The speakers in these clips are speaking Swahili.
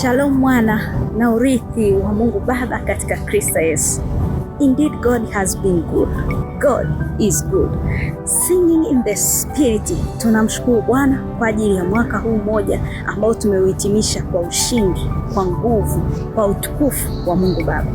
Shalom mwana na urithi wa Mungu Baba katika Kristo Yesu. Indeed God has been good. God is good. Singing in the Spirit. Tunamshukuru Bwana kwa ajili ya mwaka huu mmoja ambao tumeuhitimisha kwa ushindi, kwa nguvu, kwa utukufu wa Mungu Baba.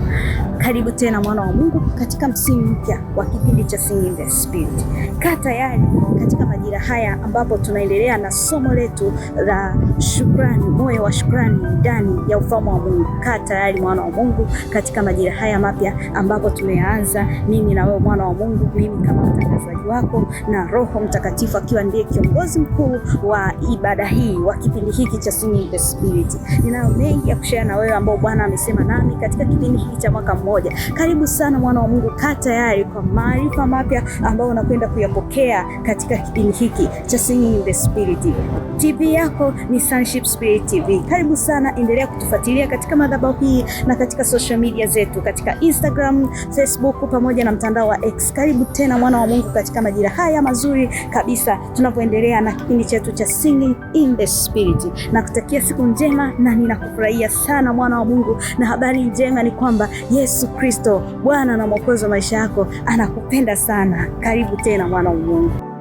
Karibu tena mwana wa Mungu katika msimu mpya wa kipindi cha Singing the Spirit. Kaa tayari katika majira haya ambapo tunaendelea na somo letu la shukrani, moyo wa shukrani ndani ya ufalme wa Mungu. Kaa tayari mwana wa Mungu katika majira haya mapya ambapo tumeanza, mimi na wewe mwana wa Mungu, mimi kama mtangazaji wako na Roho Mtakatifu akiwa ndiye kiongozi mkuu wa ibada hii wa kipindi hiki cha Singing the Spirit. Ninayo mengi ya kushare na wewe ambao Bwana amesema nami katika kipindi hiki cha mwaka pamoja. Karibu sana mwana wa Mungu, kaa tayari kwa maarifa mapya ambayo unakwenda kuyapokea katika kipindi hiki cha Singing in the Spirit. TV yako ni Sonship Spirit TV. Karibu sana, endelea kutufuatilia katika madhabahu hii na katika social media zetu, katika Instagram, Facebook pamoja na mtandao wa X. Karibu tena mwana wa Mungu katika majira haya mazuri kabisa tunapoendelea na kipindi chetu cha Singing in the Spirit. Nakutakia siku njema na ninakufurahia sana mwana wa Mungu, na habari njema ni kwamba Yesu Yesu Kristo, Bwana na Mwokozi wa maisha yako, anakupenda sana. Karibu tena mwana wa Mungu.